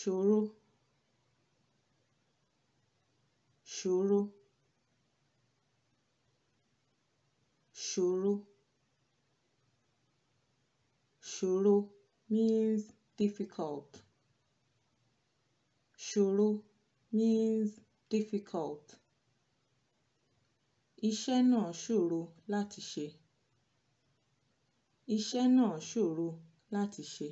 ṣòro ṣòro ṣòro ṣòro means difficult ṣòro means difficult iṣẹ́ náà ṣòro láti ṣe iṣẹ́ náà ṣòro láti ṣe